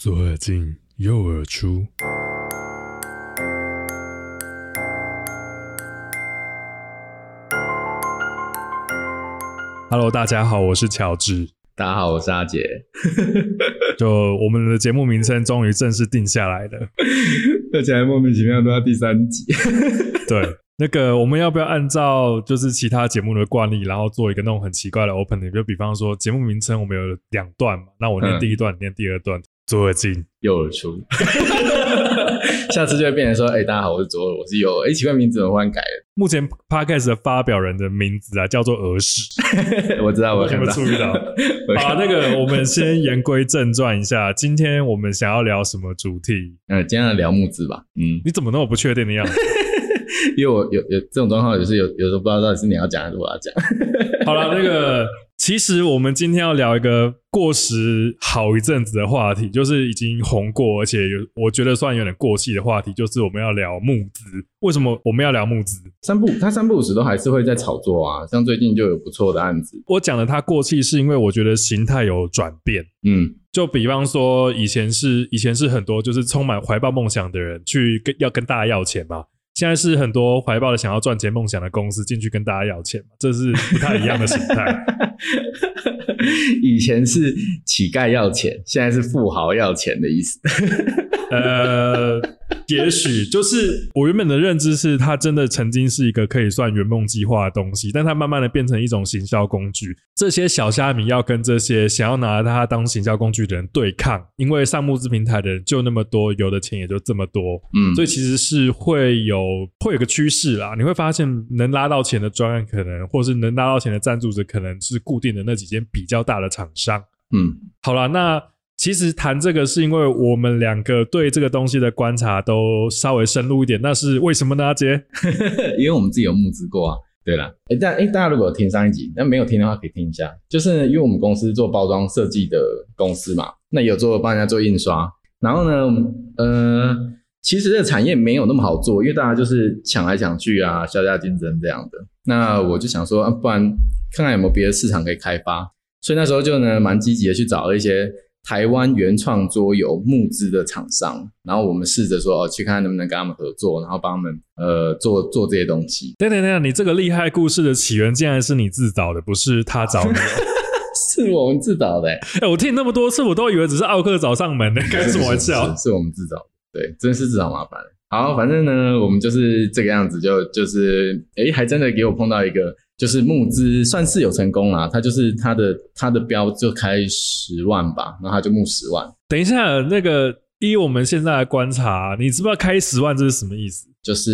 左耳進，右耳出。Hello，大家好，我是喬治。大家好，我是阿杰。 就我們的節目名稱終於正式定下來了， 而且還莫名其妙都要第三集。 對，那個我們要不要按照就是其他節目的慣例，然後做一個那種很奇怪的 opening？就比方說節目名稱我們有兩段嘛，那我念第一段，你念、嗯、第二段。左耳進，右耳出。 下次就會變成說：“哎、欸，大家好，我是左耳，我是右耳。欸”哎，奇怪，名字怎麼忽然改了？目前 podcast 的發表人的名字啊，叫做耳屎。」 我知道，我全部注意到。把、啊、那個，我們先言歸正傳一下。 今天我們想要聊什麼主題？嗯，今天要聊募資吧。嗯，你怎麼那麼不確定的樣子、啊？ 因為我有有，有這種狀況，就是有有時候不知道到底是你要講還是我要講。 好了，那個。其實我們今天要聊一個過時好一陣子的話題，就是已經紅過，而且有我覺得算有點過氣的話題，就是我們要聊募資。為什麼我們要聊募資？三不，它三不五時都還是會在炒作啊，像最近就有不錯的案子。我講的它過氣，是因為我覺得形態有轉變。嗯，就比方說以前是以前是很多就是充滿懷抱夢想的人去跟要跟大家要錢嘛。現在是很多懷抱著想要賺錢夢想的公司進去跟大家要錢嘛，這是不太一樣的形態。 以前是乞丐要錢，現在是富豪要錢的意思。 呃。也許就是我原本的認知是，它真的曾經是一個可以算圓夢計劃的東西，但它慢慢的變成一種行銷工具。這些小蝦米要跟這些想要拿它當行銷工具的人對抗，因為上募資平台的人就那麼多，有的錢也就這麼多，嗯，所以其實是會有會有個趨勢啦。你會發現，能拉到錢的專案可能，或是能拉到錢的贊助者，可能是固定的那幾間比較大的廠商。嗯，好啦，那。其實談這個是因為我們兩個對這個東西的觀察都稍微深入一點，那是為什麼呢？阿杰，因為我們自己有募資過啊。對啦，欸、但、欸、大家如果有聽上一集，那沒有聽的話可以聽一下，就是呢因為我們公司做包裝設計的公司嘛，那有做幫人家做印刷。然後呢，嗯、呃，其實這個產業沒有那麼好做，因為大家就是搶來搶去啊，削價競爭這樣的。那我就想說，啊、不然看看有沒有別的市場可以開發。所以那時候就呢，蠻積極的去找了一些。台灣原創桌遊募資的廠商，然後我們試着說哦，去看看能不能跟他們合作，然後幫他們呃做做這些東西。對對對，你這個厲害故事的起源竟然是你自找的，不是他找你的？ 是我們自找的、欸。哎、欸，我聽那麼多次，我都以為只是奧客找上門的。開什麼玩笑，是是？是我們自找的。對，真是自找麻煩。好，反正呢，我們就是這個樣子，就就是哎、欸，還真的給我碰到一個。就是募資算是有成功啦，他就是他的他的標就開十萬吧，然後他就募十萬。等一下，那個依我們現在來觀察，你知不知道開十萬這是什麼意思？就是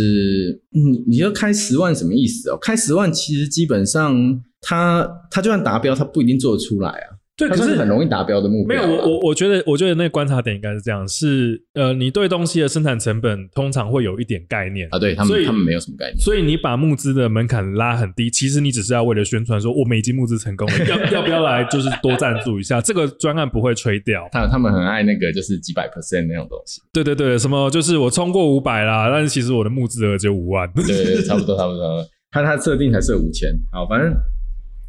你要開十萬什麼意思哦、喔？開十萬其實基本上他他就算達標，他不一定做得出來啊。對，可是,是很容易達標的目標、啊、沒有，我我我覺得，我覺得那個觀察點應該是這樣：是呃，你對東西的生產成本通常會有一點概念啊。對他們，所以他們沒有什麼概念。所以你把募資的門檻拉很低，其實你只是要為了宣傳，說我們已經募資成功了，要 要不要來？就是多贊助一下。 這個專案不會吹掉，他他們很愛那個就是幾百 percent 那種東西。對對對，什麼就是我衝過五百啦，但是其實我的募資額只有五萬。對,對,對差不多差不多差不多 他他設定才設五千。好，反正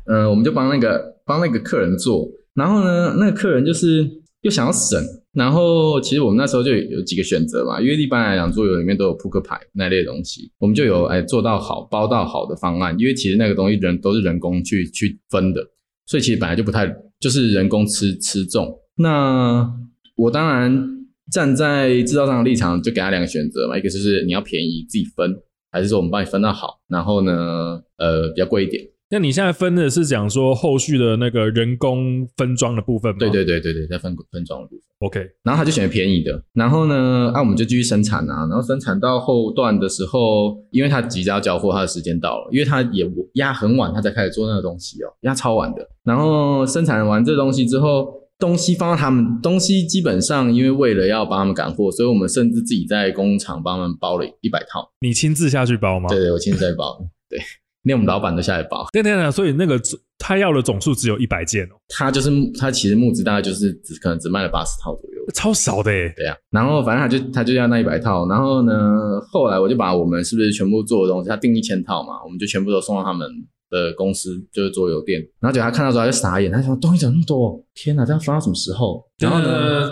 嗯、呃，我們就幫那個。幫那個客人做，然後呢，那個客人就是又想要省，然後其實我們那時候就有幾個選擇嘛，因為一般來講，桌遊裡面都有撲克牌那類的東西，我們就有哎做到好包到好的方案，因為其實那個東西人都是人工去去分的，所以其實本來就不太就是人工吃吃重。那我當然站在制造商的立場，就給他兩個選擇嘛，一個就是你要便宜自己分，還是說我們幫你分到好，然後呢，呃，比較貴一點。那你現在分的是講說後續的那個人工分裝的部分嗎？對對對對對，在分分裝的部分。OK，然後他就選了便宜的，然後呢，啊我們就繼續生產啊。然後生產到後段的時候，因為他即將要交貨，他的時間到了，因為他也壓很晚，他才開始做那個東西哦、喔，壓超晚的。然後生產完這東西之後，東西放到他們，東西基本上因為為了要幫他們趕貨，所以我們甚至自己在工廠幫他們包了一百套。你親自下去包嗎？對，對，對，我親自在包。 對。連我們老闆都下來包，對對對，所以那個他要的總數只有一百件，他就是他其實募資，大概就是只可能只賣了八十套左右，超少的，欸。對呀，啊，然後反正他就他就要那一百套，然後呢，嗯，後來我就把我們是不是全部做的東西，他訂一千套嘛，我們就全部都送到他們的公司，就是桌遊店，然後結果他看到之後他就傻眼，他想東西怎麼那麼多？天哪，這要發到什麼時候？然後呢，嗯，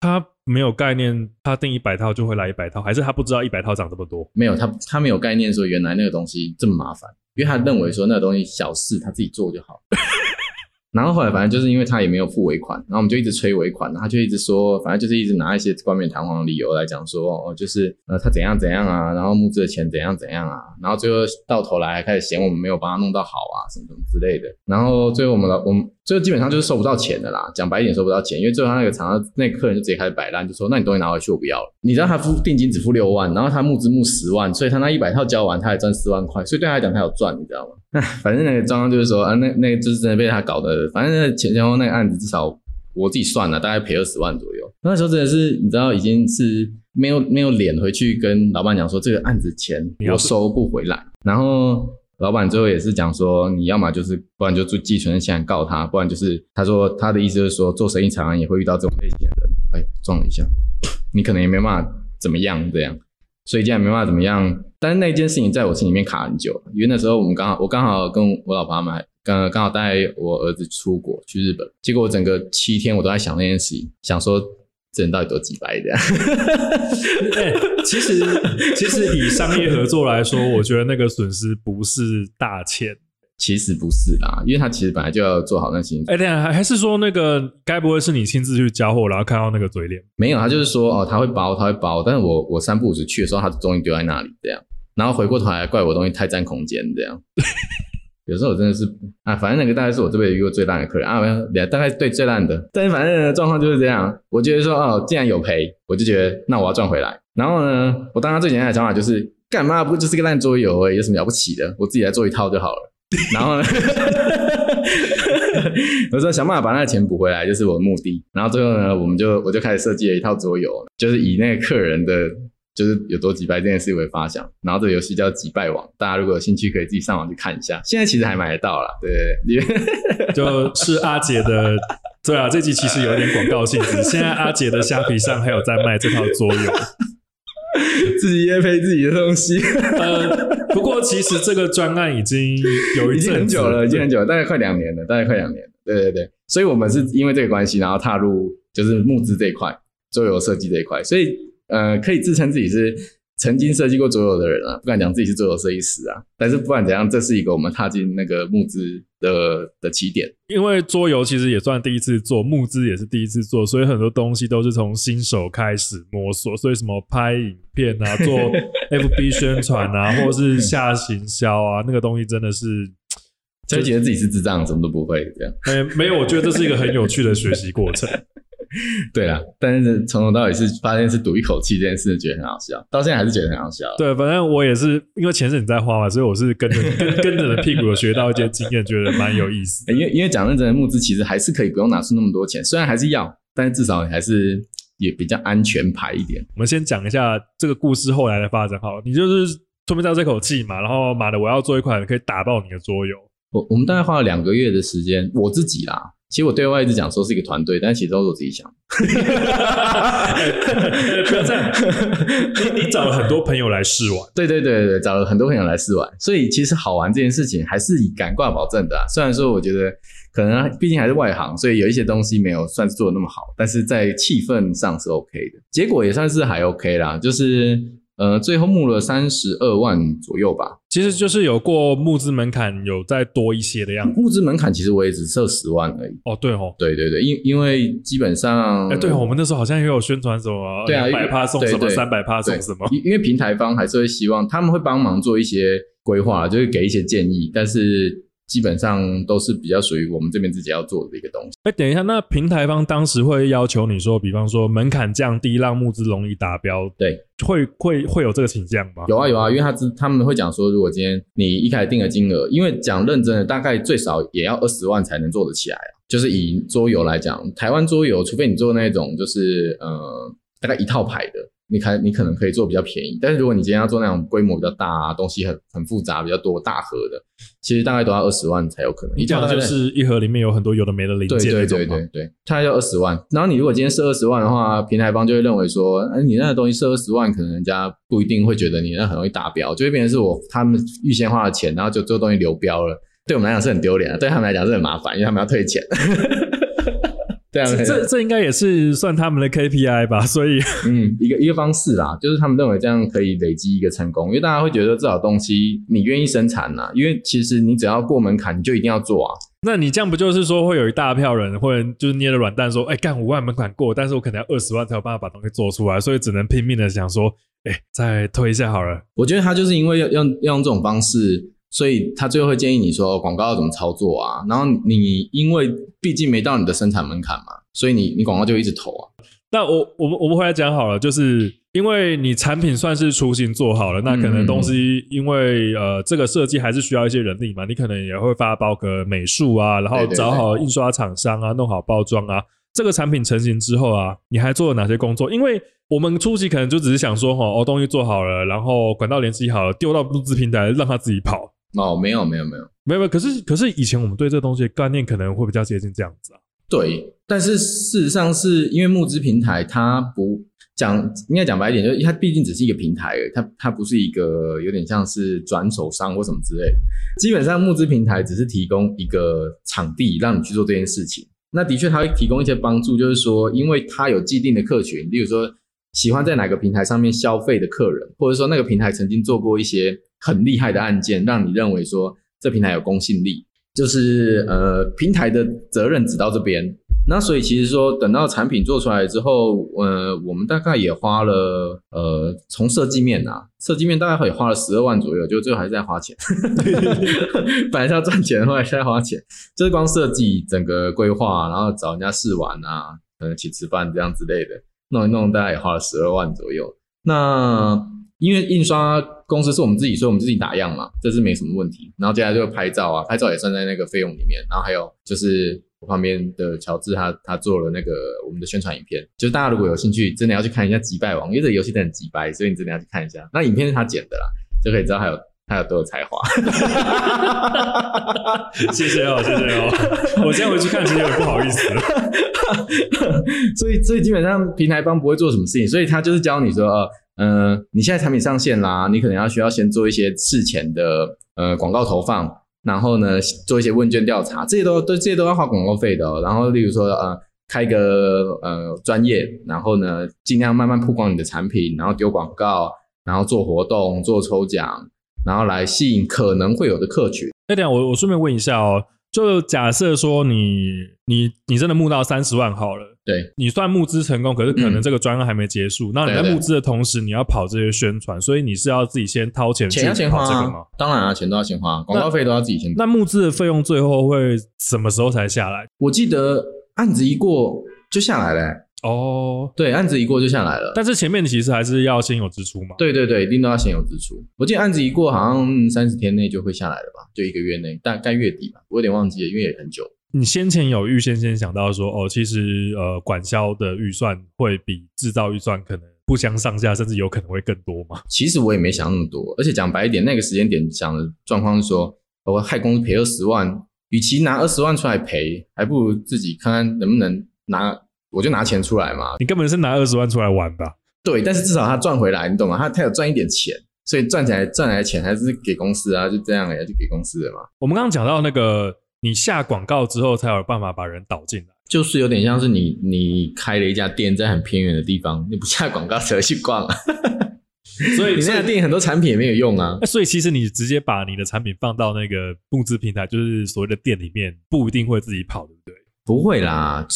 他。沒有概念，他訂一百套就會來一百套，還是他不知道一百套漲這麼多？沒有，他他沒有概念說原來那個東西這麼麻煩，因為他認為說那個東西小事，他自己做就好。 然後後來反正就是因為他也沒有付尾款，然後我們就一直催尾款，然後他就一直說，反正就是一直拿一些冠冕堂皇的理由來講說，哦，就是呃他怎樣怎樣啊，然後募資的錢怎樣怎樣啊，然後最後到頭來還開始嫌我們沒有幫他弄到好啊什麼什麼之類的，然後最後我們老我們。所以基本上就是收不到錢的啦，講白一點收不到錢，因為最後他那個廠那個客人就直接開始擺爛，就說，那你東西拿回去我不要了。你知道他付定金只付六萬，然後他募資募十萬，所以他那一百套交完他還賺四萬塊，所以對他來講他有賺，你知道嗎？唉，反正那個狀況就是說啊，那那個就是真的被他搞的，反正那個錢江後那個案子至少我自己算了大概賠二十萬左右，那時候真的是你知道已經是沒有沒有臉回去跟老闆講說，這個案子錢我收不回來，然後。老闆最後也是講說，你要麼就是，不然就寄存證信函告他，不然就是他說他的意思就是說，做生意常常也會遇到這種類型的人，哎撞了一下，你可能也沒辦法怎麼樣這樣，所以現在沒辦法怎麼樣，但是那件事情在我心裡面卡很久，因為那時候我們剛好我剛好跟我老婆買剛剛好帶我兒子出國去日本，結果我整個七天我都在想那件事情，想說。這人到底多幾百的？哎，其實其實以商業合作來說，我覺得那個損失不是大錢。其實不是啦，因為他其實本來就要做好那些。哎、欸，對啊，還還是說那個，該不會是你親自去交貨，然後看到那個嘴臉？沒有，他就是說哦，他會包，他會包。但是我我三不五時去的時候，他的東西丟在那裡，這樣。然後回過頭來怪我東西太占空間，這樣。 有時候我真的是啊，反正那個大概是我這輩子遇過最爛的客人啊，大概對最爛的，但是反正狀況就是這樣。我覺得說哦，既然有賠，我就覺得那我要賺回來。然後呢，我當時最簡單的想法就是，幹嘛不就是個爛桌遊哎、欸，有什麼了不起的？我自己來做一套就好了。然後呢， 我說想辦法把那個錢補回來就是我的目的。然後最後呢，我們就我就開始設計了一套桌遊，就是以那個客人的。就是有多擊敗件事情發想然後這遊戲叫擊敗王，大家如果有興趣，可以自己上網去看一下。現在其實還買得到了，對,對,對，就，是阿杰的，對啊，這集其實有點廣告性質。 現在阿杰的蝦皮上還有在賣這套桌遊， 自己也配自己的東西。 呃，不過其實這個專案已經有一已經很久了，已經很久，了，大概快兩年了，大概快兩年了。對,對對對，所以我們是因為這個關係，然後踏入就是募資這一塊桌遊設計這一塊，所以。呃，可以自稱自己是曾經設計過桌遊的人啊，不敢講自己是桌遊設計師啊。但是不管怎樣，這是一個我們踏進那個募資的的起點。因為桌遊其實也算第一次做，募資也是第一次做，所以很多東西都是從新手開始摸索。所以什麼拍影片啊，做 FB 宣傳啊， 或者是下行銷啊、嗯，那個東西真的是，就是、所以覺得自己是智障，什麼都不會這樣。哎、欸，沒有，我覺得這是一個很有趣的學習過程。 對啦，但是從頭到尾是發現是賭一口氣這件事，覺得很好笑，到現在還是覺得很好笑。對，反正我也是因為錢是你在花嘛，所以我是跟着跟着屁股學到一些經驗， 覺得蠻有意思。欸，因為因為講認真的募資，其實還是可以不用拿出那麼多錢，雖然還是要，但是至少你還是也比較安全牌一點。我們先講一下這個故事後來的發展。好了，你就是吞不掉這口氣嘛，然後媽的，我要做一款可以打爆你的桌遊。我我們大概花了兩個月的時間，我自己啦。其實我對外一直講說是一個團隊，但其實都是我自己想的。不 你找了很多朋友來試玩， 對對對對，找了很多朋友來試玩。所以其實好玩這件事情還是以感官保證的、啊。雖然說我覺得可能畢竟還是外行，所以有一些東西沒有算是做得那麼好，但是在氣氛上是 OK 的，結果也算是還 OK 啦，就是。呃，最後募了三十二萬左右吧，其實就是有過募資門檻有再多一些的樣子。募資門檻其實我也只設十萬而已。哦，對哦，對對對，因因為基本上，哎，對、哦、我們那時候好像也有宣傳什麼、啊，對百趴送什麼，三百趴送什麼，因為對對麼因為平台方還是會希望他們會幫忙做一些規劃，就是給一些建議，但是。基本上都是比較屬於我們這邊自己要做的一個東西。哎、欸，等一下，那平台方當時會要求你說，比方說門檻降低，讓募資容易達標，對，會會會有這個傾向嗎？有啊有啊，因為他他們會講說，如果今天你一開始定的金額，因為講認真的，大概最少也要二十萬才能做得起來。就是以桌遊來講，台灣桌遊，除非你做那種就是呃大概一套牌的，你看，你可能可以做比較便宜，但是如果你今天要做那種規模比較大，啊，東西很很複雜、比較多、大盒的，其實大概都要二十萬才有可能。你講的就是一盒裡面有很多有的沒的零件，對對對對對，它要二十萬。然後你如果今天設二十萬的話，平台方就會認為說，哎、你那個東西設二十萬，可能人家不一定會覺得你那很容易達標，就會變成是我他們預先花了錢，然後就做東西流標了。對我們來講是很丟臉的，對他們來講是很麻煩，因為他們要退錢。 對啊，這啊這，這應該也是算他們的 KPI 吧，所以嗯，一個一個方式啦，就是他們認為這樣可以累積一個成功，因為大家會覺得這種東西你願意生產吶，因為其實你只要過門檻，你就一定要做啊。那你這樣不就是說，會有一大票人或者就是捏着軟蛋說，哎、欸，幹五萬門檻過，但是我可能要二十萬才有辦法把東西做出來，所以只能拼命的想說，哎、欸，再推一下好了。我覺得他就是因為要用用這種方式。所以他最後會建議你說，廣告要怎麼操作啊？然後你因為畢竟沒到你的生產門檻嘛，所以你你廣告就一直投啊。那我我們我們回來講好了，就是因為你產品算是雛形做好了，那可能東西因為、嗯、呃這個設計還是需要一些人力嘛，你可能也會發包個美術啊，然後找好印刷廠商啊對對對，弄好包裝啊。這個產品成型之後啊，你還做了哪些工作？因為我們初期可能就只是想說哦，東西做好了，然後管道聯繫好了，丟到募資平台讓它自己跑。哦，沒有沒有沒有，沒有。可是，可是，以前我們對這個東西的概念可能會比較接近這樣子啊。對，但是事實上是因為募資平台它不講，應該講白一點，就是它畢竟只是一個平台而已，它它不是一個有點像是轉手商或什麼之類。基本上募資平台只是提供一個場地讓你去做這件事情。那的確它會提供一些幫助，就是說，因為它有既定的客群，例如說喜歡在哪個平台上面消費的客人，或者說那個平台曾經做過一些。很厲害的案件，讓你認為說這平台有公信力，就是呃，平台的責任只到這邊。那所以其實說，等到產品做出來之後，呃，我們大概也花了呃從設計面啊，設計面大概會花了十二萬左右，就最後還是在花錢， 本來是要賺錢，後來是在花錢，就是光設計整個規劃，然後找人家試玩啊，可能一起吃飯這樣之類的，弄一弄大概也花了十二萬左右。那因為印刷，公司是我們自己，所以我們自己打樣嘛，這是沒什麼問題。然後接下來就拍照啊，拍照也算在那個費用裡面。然後還有就是我旁邊的喬治他，他他做了那個我們的宣傳影片。就是大家如果有興趣，真的要去看一下擊敗王，因為這遊戲真的很擊敗，所以你真的要去看一下。那影片是他剪的啦，就可以知道他有他有多有才華。 謝謝哦，謝謝哦。我現在回去看，其實有點不好意思了。 所以所以基本上平台方不會做什麼事情，所以他就是教你說啊。哦嗯、呃，你現在產品上線啦，你可能要需要先做一些事前的呃廣告投放，然後呢做一些問卷調查，這些都都這些都要花廣告費的哦。然後，例如說呃開一個呃專業，然後呢儘量慢慢曝光你的產品，然後丟廣告，然後做活動做抽獎，然後來吸引可能會有的客群。這點我我順便問一下哦，就假設說你你你真的募到三十萬好了。對你算募資成功，可是可能這個專案還沒結束。嗯、那你在募資的同時，你要跑這些宣傳，對啊對啊所以你是要自己先掏錢錢要先花、啊、跑這個嗎？當然啊，錢都要先花、啊，廣告費都要自己先那。那募資的費用最後會什麼時候才下來？我記得案子一過就下來了、欸。哦，對，案子一過就下來了。但是前面其實還是要先有支出嘛。對對對，一定都要先有支出。我記得案子一過，好像三十、嗯、天內就會下來了吧？就一個月內，大概月底吧，我有點忘記了，因為也很久。你先前有預先先想到說，哦，其實呃，管銷的預算會比制造預算可能不相上下，甚至有可能會更多嘛？其實我也沒想那麼多，而且講白一點，那個時間點想的狀況是說、哦，我害公司賠二十萬，與其拿二十萬出來賠，還不如自己看看能不能拿，我就拿錢出來嘛。你根本是拿二十萬出來玩吧？對，但是至少他賺回來，你懂嗎？他他有賺一點錢，所以賺起來賺來的錢還是給公司啊，就這樣呀、欸、就給公司的嘛。我們剛剛講到那個。你下廣告之後才有辦法把人導進來，就是有點像是你你開了一家店在很偏遠的地方，你不下廣告誰會去逛？啊？ 所以 你現在店很多產品也沒有用啊所。所以其實你直接把你的產品放到那個募資平台，就是所謂的店裡面，不一定會自己跑，對不對？不會啦，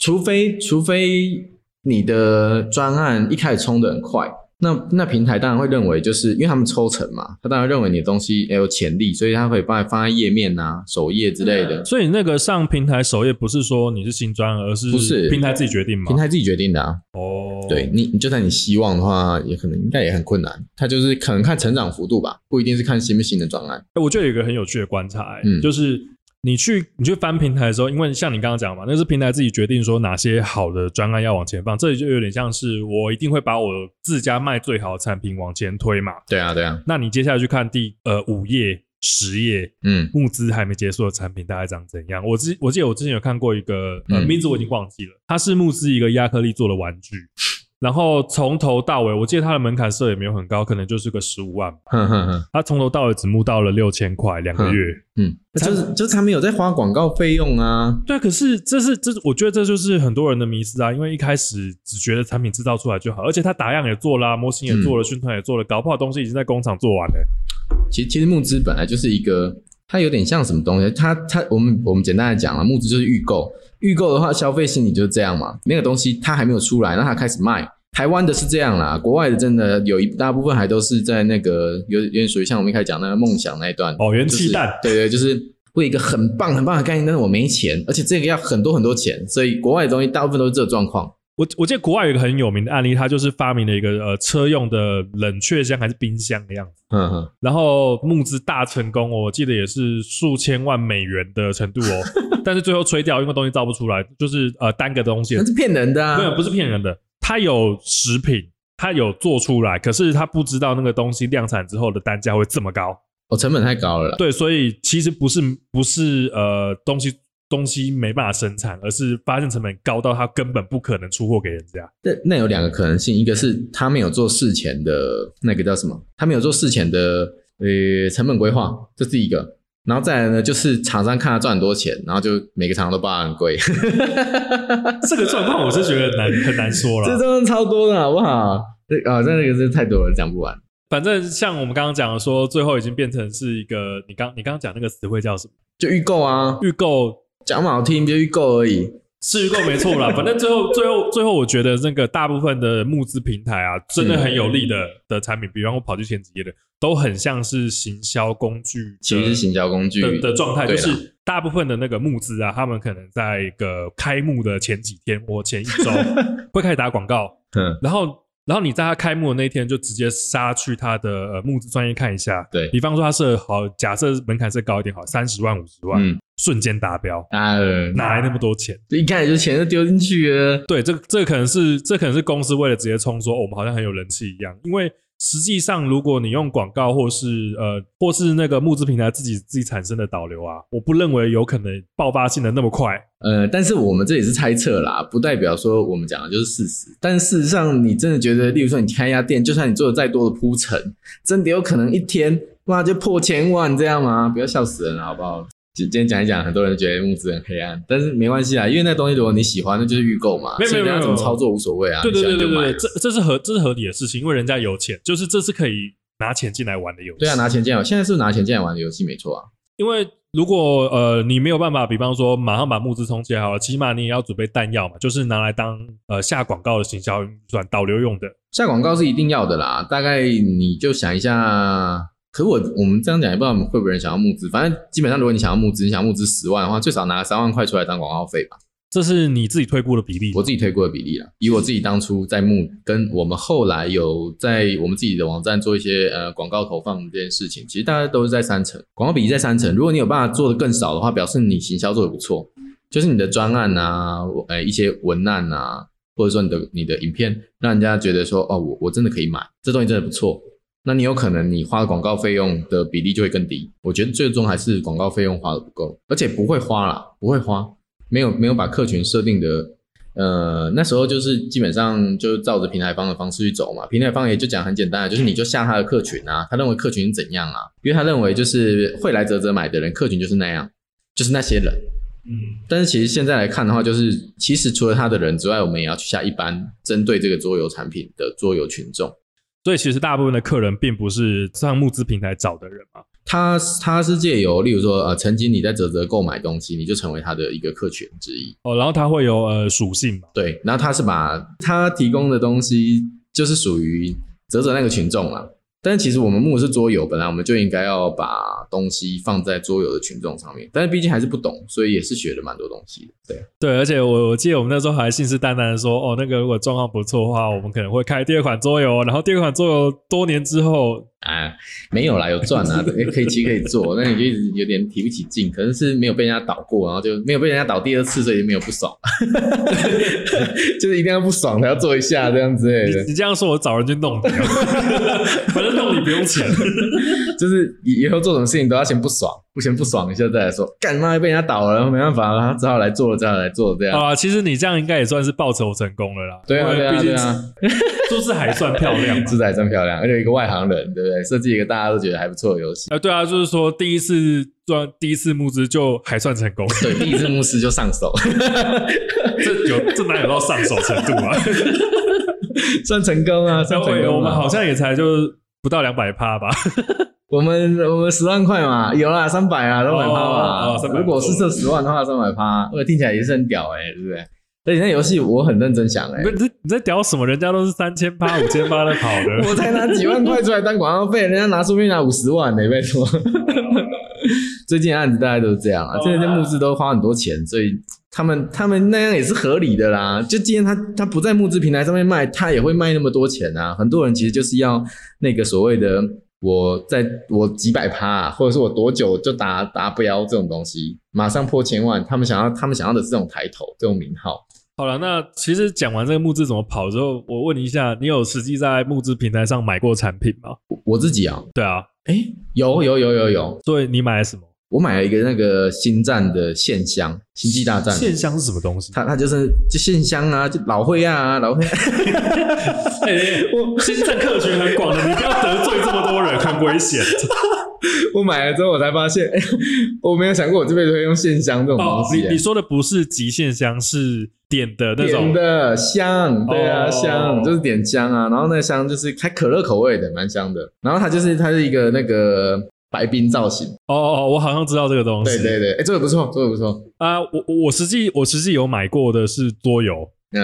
除非除非你的專案一開始衝的很快。那那平台當然會認為，就是因為他們抽成嘛，他當然認為你的東西很有潛力，所以他可以發發在頁面啊、首頁之類的、嗯。所以那個上平台首頁不是說你是新專，而是不是平台自己決定嗎？平台自己決定的啊。哦，對你，就算你希望的話，也可能應該也很困難。他就是可能看成長幅度吧，不一定是看新不新的專案。誒我覺得有一個很有趣的觀察、欸，嗯，就是。你去，你去翻平台的時候，因為像你剛剛講嘛，那是平台自己決定說哪些好的專案要往前放，這裡就有點像是我一定會把我自家賣最好的產品往前推嘛。對啊，對啊。那你接下來去看第呃五頁、十頁，嗯，募資還沒結束的產品大概長怎樣？我之我記得我之前有看過一個，呃，嗯，名字我已經忘記了，它是募資一個亞克力做的玩具。然後從頭到尾，我記得他的門檻設也沒有很高，可能就是個十五萬吧，呵呵呵，他從頭到尾只募到了六千塊，兩個月。嗯，就是就是有在花廣告費用啊。對啊，可是這是這，我覺得這就是很多人的迷思啊。因為一開始只覺得產品製造出來就好，而且他打樣也做了，啊，模型也做了，宣、嗯、傳也做了，搞不好東西已經在工廠做完了。其實其實募資本來就是一個。它有點像什麼東西？它它我們我們簡單的講啦，募資就是預購，預購的話消費心理就是這樣嘛。那個東西它還沒有出來，那它開始賣。台灣的是這樣啦，國外的真的有一大部分還都是在那個有有點屬於像我們一開始講那個夢想那一段。哦，元氣彈。就是、對，對對，就是為一個很棒很棒的概念，但是我沒錢，而且這個要很多很多錢，所以國外的東西大部分都是這個狀況。我我記得國外有一個很有名的案例，他就是發明了一個呃車用的冷卻箱還是冰箱的樣子，嗯，嗯然後募資大成功，我記得也是數千萬美元的程度哦、喔， 但是最後吹掉，因為東西造不出來，就是呃單個東西那是騙人的，啊？對，不是騙人的，他有食品，他有做出來，可是他不知道那個東西量產之後的單價會這麼高，哦，成本太高了，對，所以其實不是不是呃東西。東西沒辦法生產，而是發現成本高到它根本不可能出貨給人家。那那有兩個可能性，一個是他沒有做事前的那個叫什麼，他沒有做事前的呃成本規劃，這是一個。然後再來呢，就是廠商看他賺很多錢，然後就每個廠商都報價很貴。 這個狀況我是覺得很難 很難說了。這真的超多的好不好啊，嗯對？啊，那個，真的是太多了，講不完。反正像我們剛剛講的說，最後已經變成是一個，你剛你剛剛講那個詞彙叫什麼？就預購啊，預購。講好聽，就是預購而已。是預購，沒錯了。反正最後、最後、最後，我覺得那個大部分的募資平台啊，真的很有利的的產品，比方我跑去前幾頁的，都很像是行銷工具。其實是行銷工具的狀態，就是大部分的那個募資啊，他們可能在一個開幕的前幾天或前一周會開始打廣告。 然後，然後你在他開幕的那一天就直接殺去他的、呃、募資專頁看一下。對，比方說他設好，假設門檻是高一點好，好三十萬、五十萬。嗯瞬間達標，啊，哪來那麼多錢？一開始就錢就丟進去了。對，這這個可能是這可能是公司為了直接衝說，哦，我們好像很有人氣一樣。因為實際上，如果你用廣告或是呃或是那個募資平台自己自己產生的導流啊，我不認為有可能爆發性的那麼快。呃，但是我們這也是猜測啦，不代表說我們講的就是事實。但事實上，你真的覺得，例如說你開一家店，就算你做了再多的鋪陳，真的有可能一天哇就破千萬這樣嗎？不要笑死人了，好不好？今今天講一講，很多人覺得募資很黑暗，但是沒關係啊，因為那東西如果你喜歡，那就是預購嘛，所以你要怎麼操作無所謂啊。對對對對，這這是合這是合理的事情，因為人家有錢，就是這是可以拿錢進來玩的遊戲。對啊，拿錢進來，現在是，是拿錢進來玩的遊戲沒錯啊。因為如果呃你沒有辦法，比方說馬上把募資充起好了，起碼你也要準備彈藥嘛，就是拿來當呃下廣告的行銷轉導流用的。下廣告是一定要的啦，大概你就想一下。可我我們這樣講也不知道會不會有人想要募資。反正基本上，如果你想要募資，你想要募資十萬的話，最少拿三萬塊出來當廣告費吧。這是你自己推估的比例，我自己推估的比例啦。以我自己當初在募，跟我們後來有在我們自己的網站做一些呃廣告投放這件事情，其實大家都是在三成，廣告比例在三成。如果你有辦法做的更少的話，表示你行銷做的不錯，就是你的專案啊，呃一些文案啊，或者說你的你的影片，讓人家覺得說哦，我我真的可以買這東西，真的不錯。那你有可能你花的廣告費用的比例就會更低。我覺得最終還是廣告費用花的不夠，而且不會花啦，不會花，沒有沒有把客群設定的，呃，那時候就是基本上就照着平台方的方式去走嘛。平台方也就講很簡單，就是你就下他的客群啊，他認為客群怎樣啊，因為他認為就是會來嘖嘖買的人客群就是那樣，就是那些人。嗯，但是其實現在來看的話，就是其實除了他的人之外，我們也要去下一般針對這個桌遊產品的桌遊群眾。所以其實大部分的客人並不是上募資平台找的人嘛，他他是借由，例如說，呃，曾經你在嘖嘖購買東西，你就成為他的一個客群之一哦，然後他會有呃屬性嘛，對，然後他是把他提供的東西就是屬於嘖嘖那個群眾了。但其實我們募是桌遊，本來我們就應該要把東西放在桌遊的群眾上面，但是畢竟還是不懂，所以也是學了蠻多東西的。對對，而且我我記得我們那時候還信誓旦旦的說，哦，那個如果狀況不錯的話，我們可能會開第二款桌遊。然後第二款桌遊多年之後。啊，沒有啦，有賺啦，啊，可以騎可以坐， 那你就一直有點提不起勁，可能是，是沒有被人家倒過，然後就沒有被人家倒第二次，所以就沒有不爽， 就是一定要不爽才要做一下這樣之類的。你。你這樣說，我找人去弄掉 反正弄你不用錢，就是以以後做什麼事情都要先不爽。不行，不爽一下，再來說，幹那也被人家倒了，沒辦法、啊、了，只好來做了，這樣來做了，這樣。啊，其實你這樣應該也算是報仇成功了啦。對啊，對啊，對啊，畢竟、啊就是還算漂亮，做 的還真漂亮，而且一個外行人，對不對？設計一個大家都覺得還不錯的遊戲。啊，對啊，就是說第一次做，第一次募資就還算成功。 對，第一次募資就上手。 這有這哪有到上手程度啊？ 算成功啊，算成功,、啊算成功啊、我們好像也才就不到兩百趴吧。我們我們十萬塊嘛，有啊，三百啊、哦，三百趴嘛。如果是這十萬的話，三百趴，我聽起來也是很屌哎、欸，對不對？而且那遊戲我很認真想哎、欸，不是你在屌什麼？人家都是三千八、五千八的跑的， 我才拿幾萬塊出來當廣告費， 人家拿出面拿五十萬、欸，沒沒錯。 最近案子大概都是這樣啊，現在募資都花很多錢，所以他們他們那樣也是合理的啦。就既然他他不在募資平台上面賣，他也會賣那麼多錢啊。很多人其實就是要那個所謂的。我在我幾百趴、啊，或者說我多久就達達標這種東西，馬上破千萬，他們想要，他們想要的是這種抬頭，這種名號。好了，那其實講完這個募資怎麼跑之後，我問你一下，你有實際在募資平台上買過產品嗎？我,我自己啊，對啊，哎、欸，有有有有有，所以你買了什麼？我買了一個那個星《星戰》的線香，《星際大戰》線香是什麼東西？它它，就是就線香啊，就老灰啊，老灰，啊 欸。我《星戰》客群很廣的，你不要得罪這麼多人，很 危險險。 我買了之後，我才發現，哎、欸，我沒有想過我這輩子會用線香這種東西，啊哦你。你說的不是極限香，是點的那種點的香？對啊，哦，香就是點香啊。然後那個香就是還可樂口味的，蠻香的。然後它就是它是一個那個。白冰造型哦哦哦，oh, oh, oh, 我好像知道這個東西。對對對，哎、欸，這個不錯，這個不錯啊、呃！我我實際我實際有買過的是桌遊，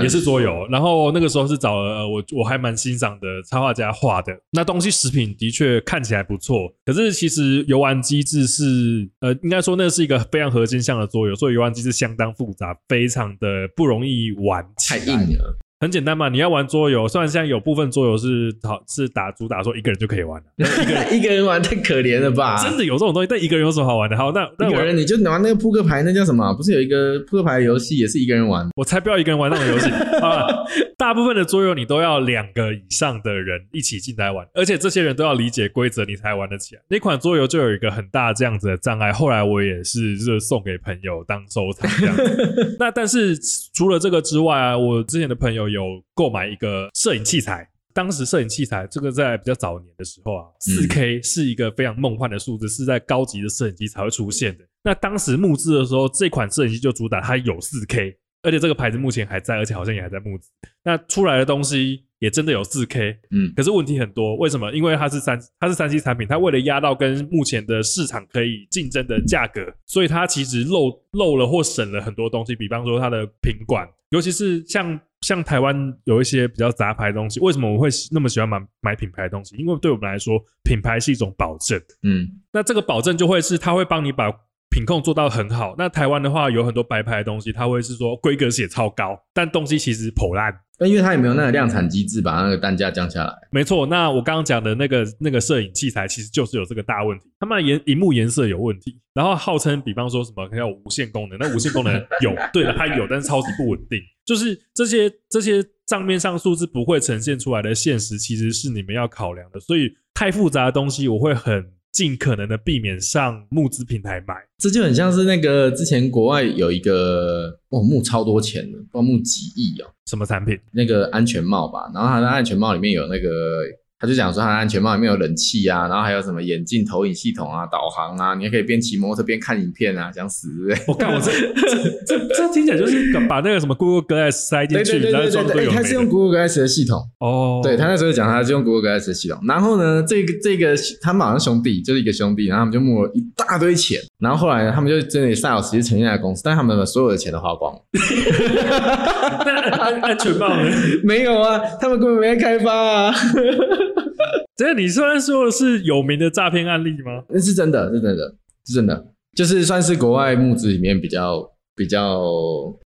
也是桌遊。然後那個時候是找了我我還蠻欣賞的插畫家畫的那東西，食品的確看起來不錯，可是其實遊玩機制是呃，應該說那是一個非常核心向的桌遊，所以遊玩機制相當複雜，非常的不容易玩。太硬了。很簡單嘛，你要玩桌遊，雖然現在有部分桌遊是好是打主打說一個人就可以玩一個人， 一個人玩太可憐了吧？真的有這種東西，但一個人有什麼好玩的？好，那那我個人你就拿那個撲克牌，那叫什麼？不是有一個撲克牌遊戲也是一個人玩？我才不要一個人玩那種遊戲啊！好吧，大部分的桌遊你都要兩個以上的人一起進來玩，而且這些人都要理解規則，你才玩得起來。那款桌遊就有一個很大這樣子的障礙。後來我也是就是送給朋友當收藏。 那但是除了這個之外啊，我之前的朋友。有購買一個攝影器材，當時攝影器材這個在比較早年的時候啊，四 K 是一個非常夢幻的數字，是在高級的攝影機才會出現的。那當時募資的時候，這款攝影機就主打它有四 K，而且這個牌子目前還在，而且好像也還在募資。那出來的東西也真的有四 K，嗯，可是問題很多，為什麼？因為它是三，它是三 C 產品，它為了壓到跟目前的市場可以競爭的價格，所以它其實漏漏了或省了很多東西，比方說它的品管，尤其是像。像台灣有一些比較雜牌的東西，為什麼我會那麼喜歡買買品牌的東西？因為對我們來說，品牌是一種保證。嗯，那這個保證就會是他會幫你把品控做到很好。那台灣的話，有很多白牌的東西，他會是說規格寫超高，但東西其實破爛。但因為它也沒有那個量產機制，把那個單價降下來。沒錯，那我剛剛講的那個那個攝影器材，其實就是有這個大問題。他們的熒熒幕顏色有問題，然後號稱比方說什麼它要無線功能，那無線功能有， 對的，它有，但是超級不穩定。就是這些這些賬面上數字不會呈現出來的現實，其實是你們要考量的。所以太複雜的東西，我會很，儘可能的避免上募資平台買，這就很像是那個之前國外有一個挖、哦、募超多錢的挖募幾億哦，什麼產品？那個安全帽吧，然後他的安全帽裡面有那個。他就講說，他的安全帽裡面有冷氣啊，然後還有什麼眼鏡投影系統啊、導航啊，你也可以邊騎摩托邊看影片啊，想死對不、喔、我這 這這這，這聽起來就是把那個什麼 Google Glass 塞進去，對對對對對，然後對對對，他是用 Google Glass 的系統。哦，對他那時候講，他是用 Google Glass 的系統。然後呢，這個這個他們好像兄弟就是一個兄弟，然後他們就募了一大堆錢。然後後來呢，他們就真的 a 有其事成立一家公司，但他們把所有的錢都花光了。安 安全帽 沒有啊，他們根本沒在開發啊。 這你雖然說的是有名的詐騙案例嗎？那是真的，是真的，是真的，就是算是國外募資裡面比較比較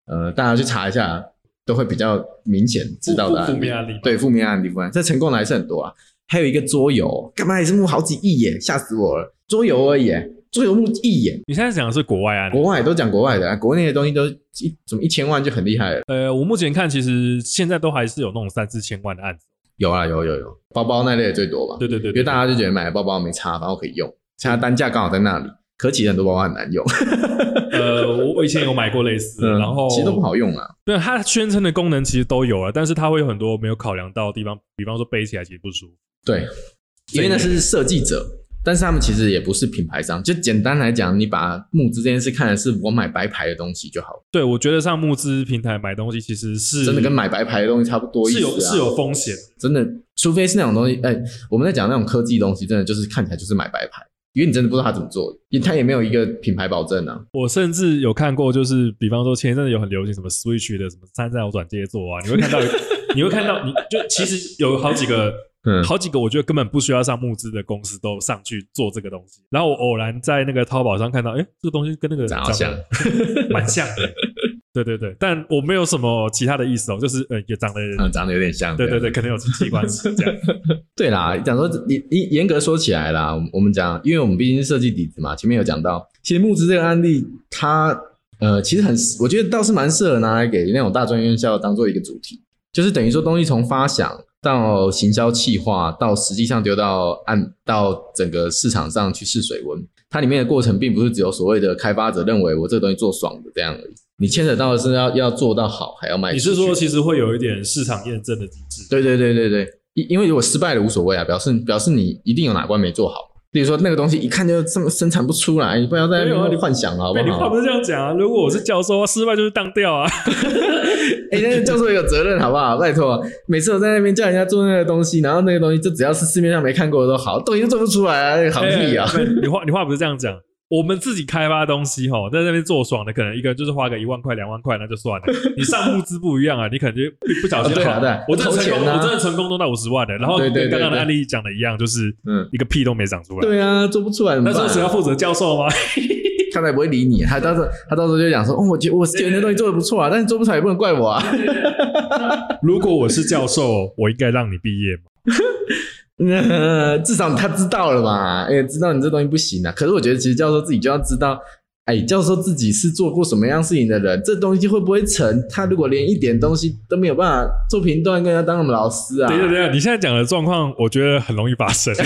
呃，大家去查一下都會比較明顯知道的案例。負面案例。對負面案例，對負面案例，但成功的還是很多啊。還有一個桌遊，幹嘛也是募好幾億耶，嚇死我了。桌遊而已，桌遊募億耶。你現在講的是國外啊？國外都講國外的，啊，國內的東西都一怎麼一千萬就很厲害了？呃，我目前看其實現在都還是有那種三四千萬的案子。有啊有有有，包包那類的最多吧？對，對對對，因為大家就覺得買了包包沒差，然後可以用，現在單價剛好在那裡，可是其實很多包包很難用。 呃，我以前有買過類似的， 呃、然後其實都不好用啊。對，它宣稱的功能其實都有啊，但是它會有很多沒有考量到的地方，比方說背起來其實不舒服。對，所以因為那是設計者。但是他們其實也不是品牌商，就簡單來講，你把募資這件事看的是我買白牌的東西就好了。對，我覺得上募資平台買東西，其實是真的跟買白牌的東西差不多一樣啊，是有是有風險，真的，除非是那種東西。哎、欸，我們在講那種科技的東西，真的就是看起來就是買白牌，因為你真的不知道他怎麼做，因為他也沒有一個品牌保證啊。嗯、我甚至有看過，就是比方說前一陣子有很流行什麼 Switch 的什麼三腳轉接座啊，你會看到， 你會看到，你就其實有好幾個。嗯、好幾個，我覺得根本不需要上募資的公司都上去做這個東西。然後我偶然在那個淘寶上看到，誒、欸、這個東西跟那個長得像，蠻， 像的，對對對，但我沒有什麼其他的意思哦、喔，就是呃，嗯、也長得有點長、嗯、長得有點像，對對對，可能有親戚關係，對啦，講說嚴嚴嚴格說起來啦，我們講，因為我們畢竟是設計底子嘛，前面有講到，其實募資這個案例，它呃其實很，我覺得倒是蠻適合拿來給那種大專院校當做一個主題，就是等於說東西從發想，到行銷企劃，到實際上丟到按到整個市場上去試水溫，它裡面的過程並不是只有所謂的開發者認為我這個東西做爽的這樣而已。你牽扯到的是要要做到好，還要賣。你是說其實會有一點市場驗證的機制？對對對對對，因因為如果失敗了無所謂啊，表示表示你一定有哪關沒做好。比如說那個東西一看就這麼生產不出來，你不要在那裡幻想了，好不好？哦、你話不是這樣講啊！如果我是教授，失敗就是當掉啊！哎、 欸，那個教授也有責任好不好？拜托，每次我在那邊叫人家做那個東西，然後那個東西就只要是市面上沒看過的都好，都做不出來啊，好、那、屁、個、啊！欸、你話你話不是這樣講。我們自己開發的東西哈，在那邊做爽的，可能一個就是花個一萬塊、兩萬塊，那就算了。 你上物資不一樣啊，你肯定不小心、啊。啊對，啊對啊，對我成功、啊，我真的成功都到五十萬的。然後跟剛剛的案例講的一樣，就是一個屁都沒長出來。嗯、對啊，做不出來。那時候只要負責教授嗎？ 他才不會理你。他當時他當時就講說、哦：“我覺得我覺得那東西做的不錯啊，但是做不出來也不能怪我啊。 ”如果我是教授，我應該讓你畢業 那 至少他知道了嘛？誒、欸、知道你這東西不行啊。可是我覺得，其實教授自己就要知道，誒、欸、教授自己是做過什麼樣事情的人，這東西會不會成？他如果連一點東西都沒有辦法做評斷，更要當什麼老師啊？對呀對呀，你現在講的狀況，我覺得很容易發生。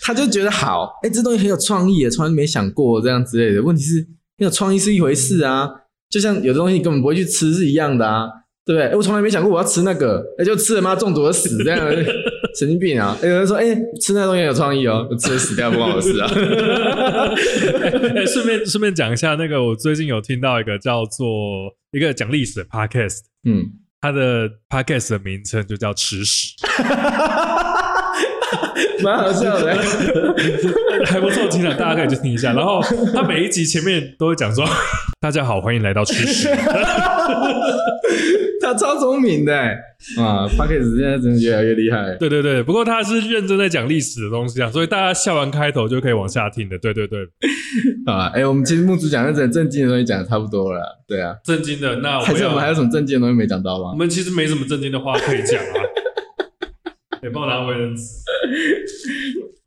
他就覺得好，誒、欸、這東西很有創意，從來沒想過這樣之類的。問題是，有創意是一回事啊，就像有的東西你根本不會去吃是一樣的啊。對不對？我從來沒想過我要吃那個，就吃了嘛，中毒而死這樣，神 經病啊！有人說，哎，吃那東西很有創意哦， 我吃了死掉不好吃啊 。哎，順便順便講一下，那個我最近有聽到一個叫做一個講歷史的 podcast，嗯，他的 podcast 的名稱就叫吃屎，蠻 好笑的， 還不錯，其實， 大家可以去聽一下。然後他每一集前面都會講說。 大家好，歡迎來到吃史。 他超聰明的啊，他 Pockets 現在真的越來越厲害，欸。對對對，不過他是認真在講歷史的東西啊，所以大家笑完開頭就可以往下聽的。對對對，好啊，哎、欸，我們其實木主講的些正經的東西講的差不多了。對啊，正經的那我，我們還有什麼正經的東西沒講到嗎？我們其實沒什麼正經的話可以講啊，別 把、欸、報 我難為人。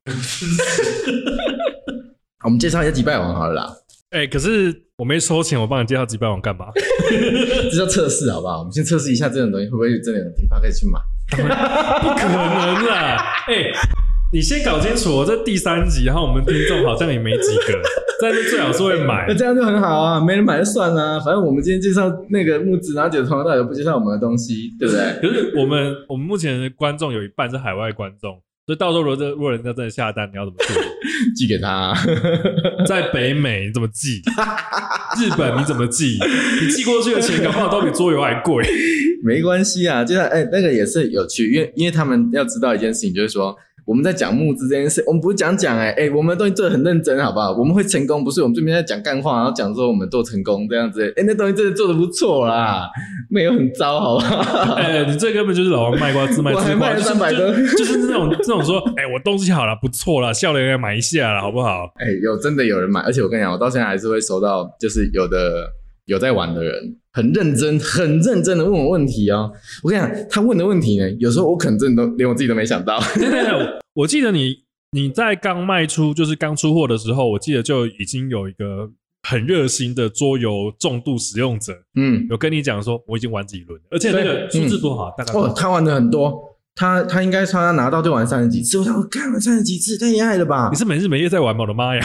我們介紹一下擊敗王好了啦。哎、欸，可是。我沒收錢，我幫你介紹幾百萬幹嘛？ 這叫測試，好不好？我們先測試一下這種東西會不會真的有牌可以去買。 不可能啦！哎、 欸，你先搞清楚，我這第三集，然後我們聽眾好像也沒幾個， 但是最好是會買。那這樣就很好啊，沒人買就算了、啊，反正我們今天介紹那個木質拿酒的托盤袋都不介紹我們的東西，對不對？可是我們我們目前的觀眾有一半是海外觀眾。所以到時候如果如果人家在下單，你要怎麼做？ 寄給他、啊， 在北美你怎麼寄？ 日本你怎麼寄？ 你寄過去的錢搞不好都比桌遊還貴。沒關係啊，就是哎、欸，那個也是有趣，因為因為他們要知道一件事情，就是說。我們在講募資這件事，我們不是講講哎哎，我們的東西做的很認真，好不好？我們會成功，不是我們這邊在講幹話，然後講說我們做成功這樣子。哎、欸，那東西真的做的不錯啦，沒有很糟，好不好？哎、欸，你最根本就是老王賣瓜，自賣自誇，就是、就是、就是那種這種說，哎、欸，我東西好了，不錯了，笑了，有人買一下了，好不好？哎、欸，有真的有人買，而且我跟你講，我到現在還是會收到，就是有的。有在玩的人，很認真、很認真的問我問題啊、喔！我跟你講，他問的問題呢，有時候我可能真的都連我自己都沒想到。對對對，我記得你你在剛賣出就是剛出貨的時候，我記得就已經有一個很熱心的桌遊重度使用者，嗯，有跟你講說我已經玩幾輪，而且那個數字多好、嗯，大概哦，他玩的很多，他他應該他拿到就玩三十幾次，我想我看了三十幾次，太厲害了吧？你是每日每夜在玩嗎？我的媽呀！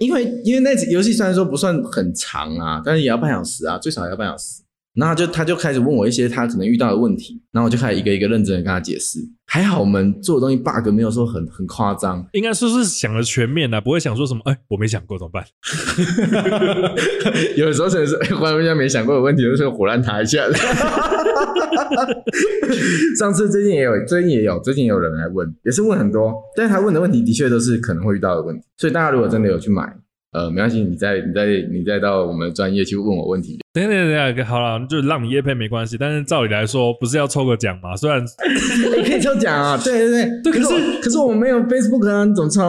因為因為那次遊戲雖然說不算很長啊，但是也要半小時啊，最少也要半小時。然後就他就開始問我一些他可能遇到的問題，然後我就開始一個一個認真的跟他解釋。還好我們做的東西 bug 沒有說很很誇張，應該說是，是想的全面啊？不會想說什麼哎、欸、我沒想過怎麼辦。 有時候可能是忽然之間沒想過的問題就是個，火爛塔一下。 上次、最近也有，最近也有，最近也有人來問，也是問很多。但是他問的問題的確都是可能會遇到的問題，所以大家如果真的有去買，嗯、呃，沒關係，你再、你再、你再到我們的專業去問我問題。等一下等等等，好了，就讓你業配沒關係。但是照理來說，不是要抽個獎嗎？雖然你可以抽獎啊、喔，對對對。對可是可是我們沒有 Facebook 啊，你怎麼抽？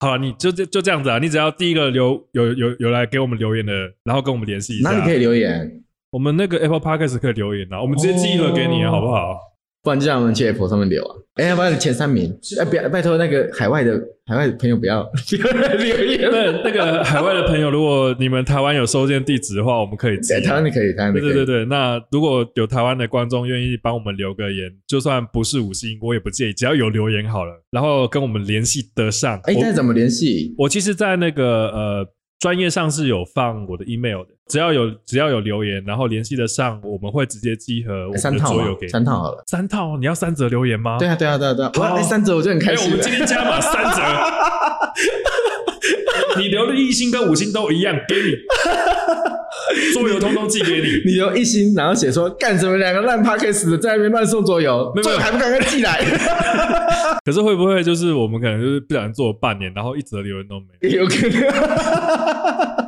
好了，你就就就這樣子啊。你只要第一個留有有有，有來給我們留言的，然後跟我們聯繫一下、啊。哪裡可以留言？我們那個 Apple Podcast 可以留言啊，我們直接寄一份給你啊，好不好？Oh, 不然就讓我們去 Apple 上面留啊。哎、欸、，Apple 前三名，啊、拜拜託那個海外的海外的朋友不要不 要 留言。那那個海外的朋友，如果你們台灣有收件地址的話，我們可以寄、啊。哎，台灣的可以，台灣的可以。對對對，那如果有台灣的觀眾願意幫我們留個言，就算不是五星我也不介意，只要有留言好了，然後跟我們聯繫得上。哎、欸，但怎麼聯繫？我其實，在那個呃。專業上是有放我的 email 的，只要有只要有留言，然後聯繫得上，我們會直接集合、欸、我的桌遊給你三套，三套好了，三套。你要三則留言嗎？對啊對啊對啊對啊，好，那、欸、三則我就很開心、欸。我們今天加碼 三則， 你留的一星跟五星都一樣，給你。 桌遊通通寄給你，你，你就一星然後寫說幹什麼？兩個爛 podcast 的在那邊亂送桌遊，桌遊還不趕快寄來 ？ 可是會不會就是我們可能就是不小心做了半年，然後一則留言都沒？有可能。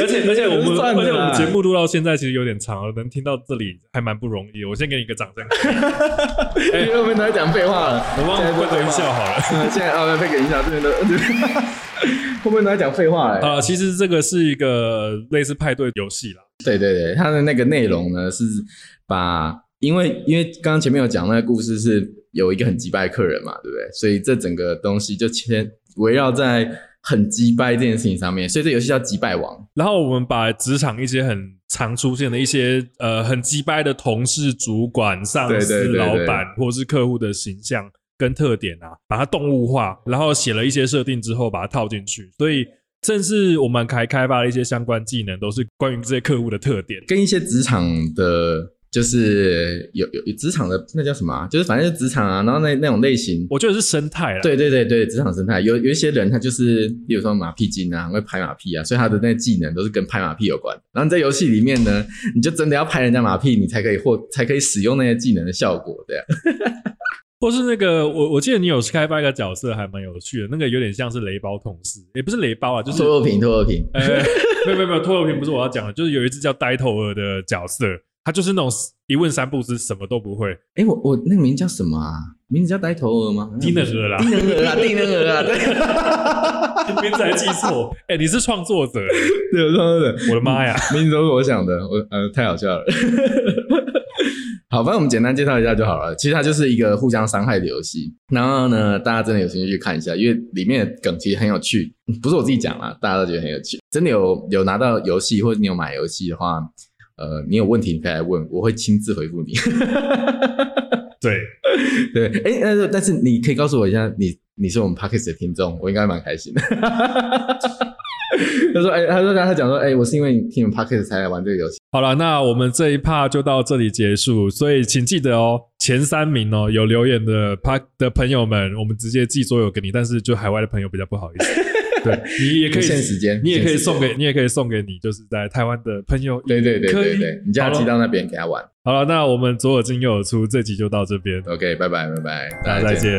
而且而且,而且我們、啊、我們節目錄到現在其實有點長了，能聽到這裡還蠻不容易。我先給你一個掌聲、 欸。因會不會來講廢話了？我忘關回音效好了。現在,廢現在 啊，再配個音效，這 邊都會不會在講廢話嘞、欸？啊，其實這個是一個類似派對遊戲啦。對對對，他的那個內容呢是把，因為因為剛剛前面有講那個故事是有一個很急敗的客人嘛，對不對？所以這整個東西就先圍繞在。很擊敗這件事情上面，所以這遊戲叫擊敗王。然後我們把職場一些很常出現的一些呃很擊敗的同事、主管、上司、對對對對老闆，或是客戶的形象跟特點啊，把它動物化，然後寫了一些設定之後，把它套進去。所以，甚至我們還開發了一些相關技能，都是關於這些客戶的特點跟一些職場的。就是有有有職場的那叫什麼、啊？就是反正就職場啊，然後那那種類型，我覺得是生態。對對對對，職場生態有有一些人他就是，比如說馬屁精啊，會拍馬屁啊，所以他的那技能都是跟拍馬屁有關。然後你在遊戲裡面呢，你就真的要拍人家馬屁，你才可以獲才可以使用那些技能的效果的呀。對啊、 或是那個，我我記得你有開發一個角色還蠻有趣的，那個有點像是雷包同事，也、欸、不是雷包啊，就是拖油瓶拖油瓶。欸、 沒有沒有沒有拖油瓶不是我要講的，就是有一隻叫呆頭鵝的角色。他就是那種一問三不知，什麼都不會。哎、欸，我我那個名字叫什麼啊？名字叫呆頭鵝嗎？丁仁鵝啦，丁仁鵝啦！丁仁鵝啊， 兒啊 對， 名字還記錯。哎、 欸，你是創作者？對，創作者。我的媽呀、嗯，名字都是我想的，我呃，太好笑了。 好，反正我們簡單介紹一下就好了。 其實它就是一個互相傷害的遊戲。然後呢，大家真的有興趣去看一下，因為裡面的梗其實很有趣，不是我自己講啦，大家都覺得很有趣。真的有有拿到遊戲，或者你有買遊戲的話。呃，你有問題，你可以來問，我會親自回復你。 對，對，欸、但是但是你可以告訴我一下，你你是我們 podcast 的聽眾，我應該蠻開心的。 他說：“哎、欸，他說他他講說，哎、欸，我是因為你聽你們 podcast 才來玩這個遊戲。好了，那我們這一趴就到這裡結束，所以請記得哦、喔，前三名哦、喔，有留言的 pack 的朋友們，我們直接寄桌遊給你，但是就海外的朋友比較不好意思， 對你也可以，限時間你也可以送給你，也可以送給你，就是在台灣的朋友，對對對對對，你叫他寄到那邊給他玩。好了，好那我們左耳進右耳出，這集就到這邊。OK，拜拜拜拜，大家再見。”